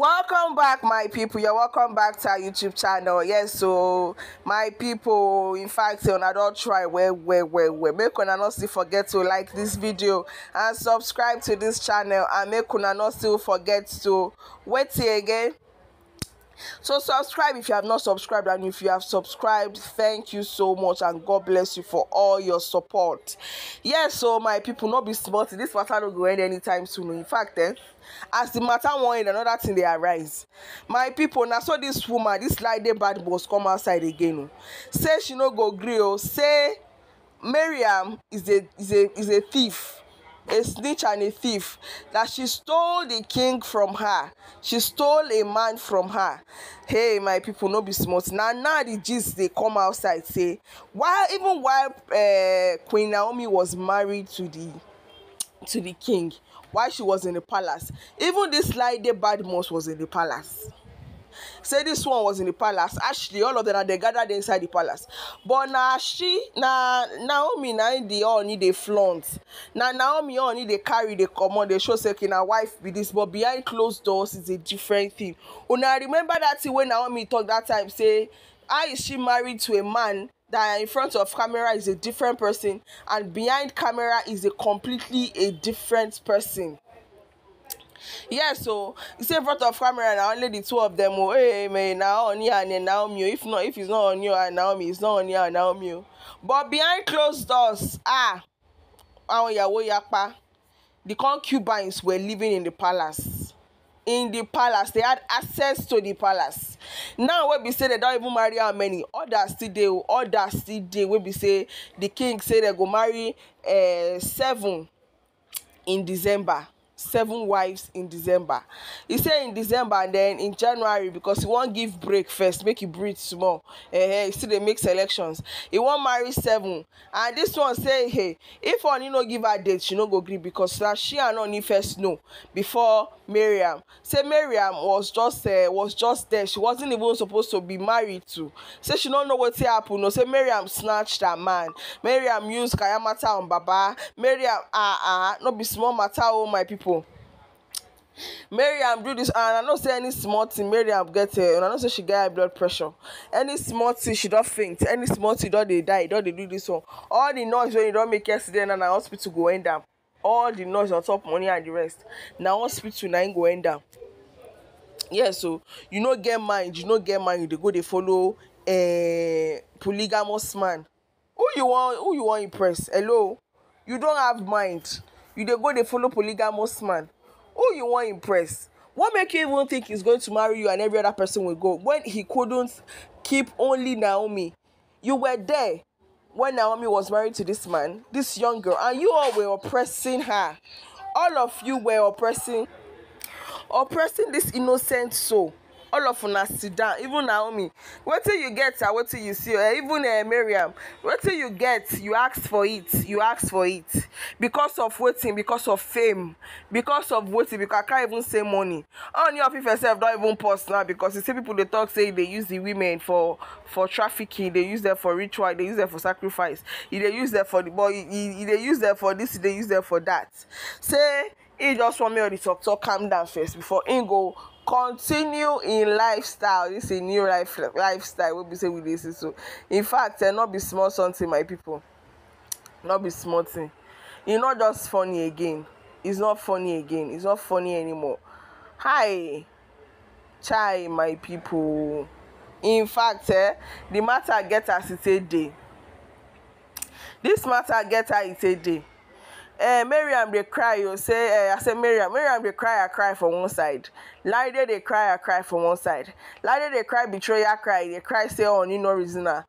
welcome back my people you're welcome back to our youtube channel yes so my people in fact una don try well well well well make una not still forget to like this video and subscribe to this channel and make una not still forget to wait here again so subscribe if you have not subscribed and if you have subscribed thank you so much and god bless you for all your support yes so my people not be small this matter don't go end anytime soon in fact eh as the matter wan another thing they arise my people na so this woman this lady bad boss come outside again o oh. say she no go gree oh. say mariam is a is a is a thief a snitch and a thief, that she stole the king from her, she stole a man from her. Hey, my people, no be smart. Now, now the gist they come outside say, while even while uh, Queen Naomi was married to the to the king, while she was in the palace, even this bad Badmos was in the palace say this one was in the palace actually all of them na gathered inside the palace but now she now naomi now im di honey dey flaunt Now naomi honey they carry the comot they show say okay na wife be this. but behind closed doors is a different thing I remember that when naomi talk that time say how is she married to a man that in front of camera is a different person and behind camera is a completely a different person yes so oh. you say in front of camera na only the two of them o oh. hey man na Ooni and Naomi o oh. if not if it's not Ooni and ah, Naomi it's not Ooni and ah, Naomi o but behind closed doors ah àwọn ìyàwó yapa the concubines were living in the palace in the palace they had access to the palace now wey be say they don even marry how many others still dey o others still dey wey be say the king say they go marry uh, seven in december seven wives in december he said in december and then in january because he won't give break first make you breathe small eh, eh he still they make selections he won't marry seven and this one say hey if you know give her date she no go agree because na she and only first know before Miriam. say Miriam was just uh, was just there she wasn't even supposed to be married to say she no know what's happened. no say Miriam snatched her man Miriam use kayamata on baba Miriam ah uh ah -uh, no be small matter all my people. maryam do this, and i know say any small thing maryam get her eh, and i know say she get high blood pressure any small thing she don't faint any small thing don dey die Don't they do this one all the noise when you don't make yesterday na na hospital go end up. all the noise on top money and the rest na hospital na im go end up. Yeah, so you no get mind you no get mind you go they follow a eh, polygamous man who you want? who you want? impress hello you don't have mind you they go they follow polygamous man who you want impress what make you even think he's going to marry you and every other person will go when he couldn't keep only naomi you were there when naomi was married to this man this young girl and you all were oppressing her all of you were oppressing oppressing this innocent soul all of una sit down even naomi wetin you get and wetin you see eh even eh mariam wetin you get you ask for it you ask for it because of wetin because of fame because of wetin because i can't even say money Ooni of Ife sef don even pause now because you see people dey talk say they use the women for for trafficking they use them for ritual they use them for sacrifice e dey use them for the boy. e dey use them for this e dey use them for that say he just want make all the talk talk calm down first before im go continue in lifestyle dis a new life lifestyle wey be say we dey see so in fact eh no be small something my people no be small thing e no just funny again it's not funny again it's not funny anymore hi chai my people in fact eh the matter get as e take dey this matter get how e take dey eh, Miriam dey cry o say eh, I say Miriam Miriam dey cry I cry for one side Laide dey cry I cry for one side Laide dey cry betrayal cry dey cry say oh you no reason am ah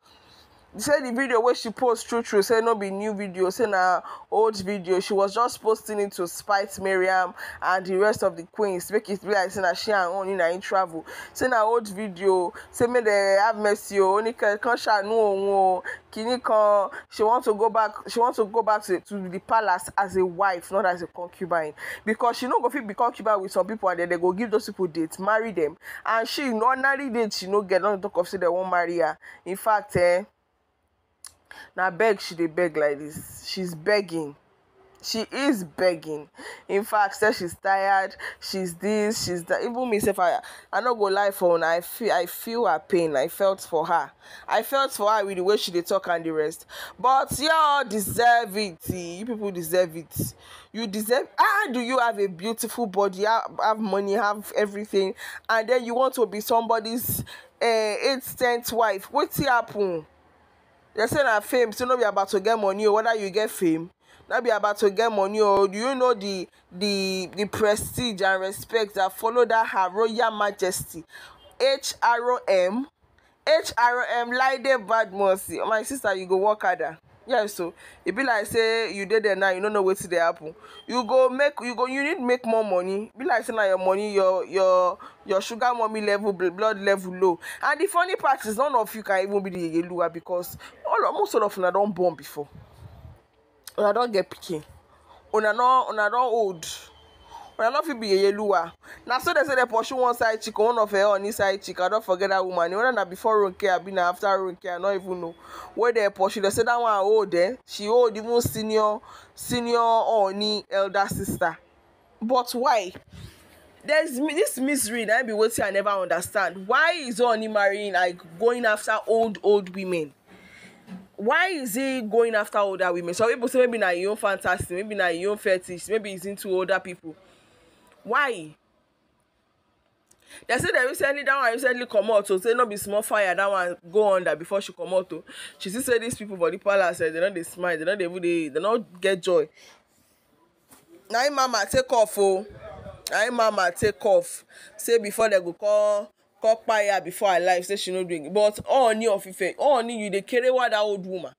say the video wey she post true true say no be new video say na old video she was just posting it to spite maryam and the rest of the queens make it be like say na she and oni in im travel say na old video say make dem have mercy o oníkẹ kan ṣàánú òun o kìíní kan she want to go back she want to go back to, to the palace as a wife not as a concubine because she no go fit be concubine with some people and then they go give those people date marry them and she ordinary date she no get don talk of say they wan marry her in fact eh na beg she dey beg like this. she's begging she is begging in fact say she's tired she's this. she's that even me sef i i no go lie for una i feel i feel her pain i felt for her i felt for her with the way she dey talk and the rest but y'all deserve it you people deserve it you deserve ah do you have a beautiful body have, have money have everything and then you want to be somebody's uh, eight tenth wife wetin happen they say na fame so no be about to get money or oh, whether you get fame no be about to get money or oh. do you know the the the prestige and respect that follow that her royal majesty hrom hrom laide badmus my sister you go work harder Yeah, so e be like say you dey there now you no know wetin dey happen you go make you go you need make more money e be like say na your money your your your sugar mommy level blood level low and the funny part is none of you can even be the yeye luwa because all most of don't born before I don't get pikin una don una don old una if you be yellow. Now so they say they push one side chick one of her own side chick i don't forget that woman know that before ronke abi been after care. i don't even know where they push. They say that one old eh she old even senior senior any elder sister but why there's this misery I be wetin i never understand why is ooni marrying like going after old old women why is he going after older women some people say maybe na him own fantasy maybe na him own fetish maybe he's into older people why dem say dem recently dat one recently comot o say no be small fire dat one go under before she comot o oh. she see say dis people for di palace eh, dem no dey smile dem no dey even dey dem no get joy na im mama take off o oh. na im mama take off say before dem go call call her before her life say she no drink. But all Ooni of all Ooni you dey carry kerewa that old woman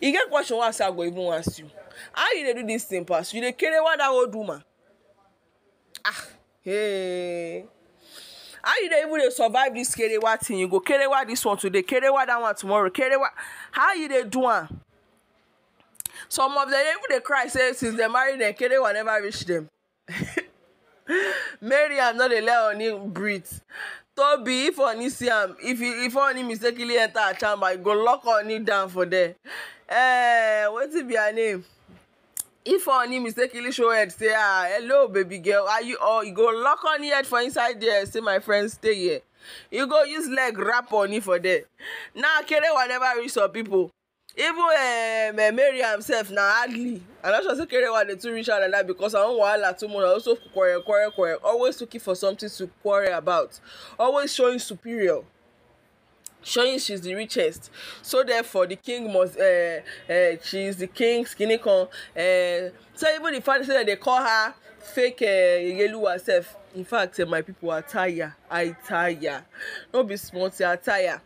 e get question wey i say i go even ask you how you dey do this thing pass you dey carry kerewa that old woman ah hey. how you dey even dey survive this kerewa thing you go kerewa this one today kerewa that one tomorrow kerewa how you dey do am some of them even dey cry say since dem marry dem kerewa never reach dem Mariam no dey let Oni breathe. Tobi, if Oni see am, if he, if Oni mistakenly enter her chamber, he go lock Oni down for there. Eh, wetin be her name? If Oni mistakenly show head, say, ah, hello, baby girl, are you? Or oh, he go lock Oni head for inside there, say, my friend, stay here. You go use leg wrap Oni for there. Now, Kere will never reach some people even um, eh, Mary sef na hardly i no sure say kerewa dey too reach out like that because her own wahala too much also quarrel quarrel quarrel always looking for something to quarrel about always showing superior showing she's the richest so therefore the king must uh, uh, she's the king skinny con uh, so even the fact say they call her fake uh, yeyeluwa sef in fact uh, my people are I attire no be small thing attire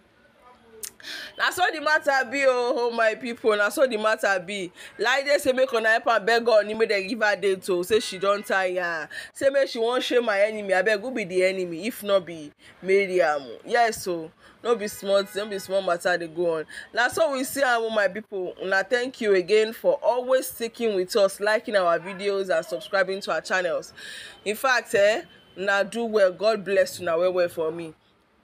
na so the matter be o oh, oh my people na so the matter be laide say make una help am beg god make dem give her date o oh. say she don tire say make she wan shame her enemy abeg who be the enemy if no be mariam yes o oh. so, no be small thing no be small matter dey go on na so we see am o oh, my people una thank you again for always sticking with us liking our videos and subscribing to our channels in fact eh una do well god bless una well well for me.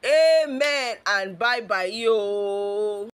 amen and bye bye yo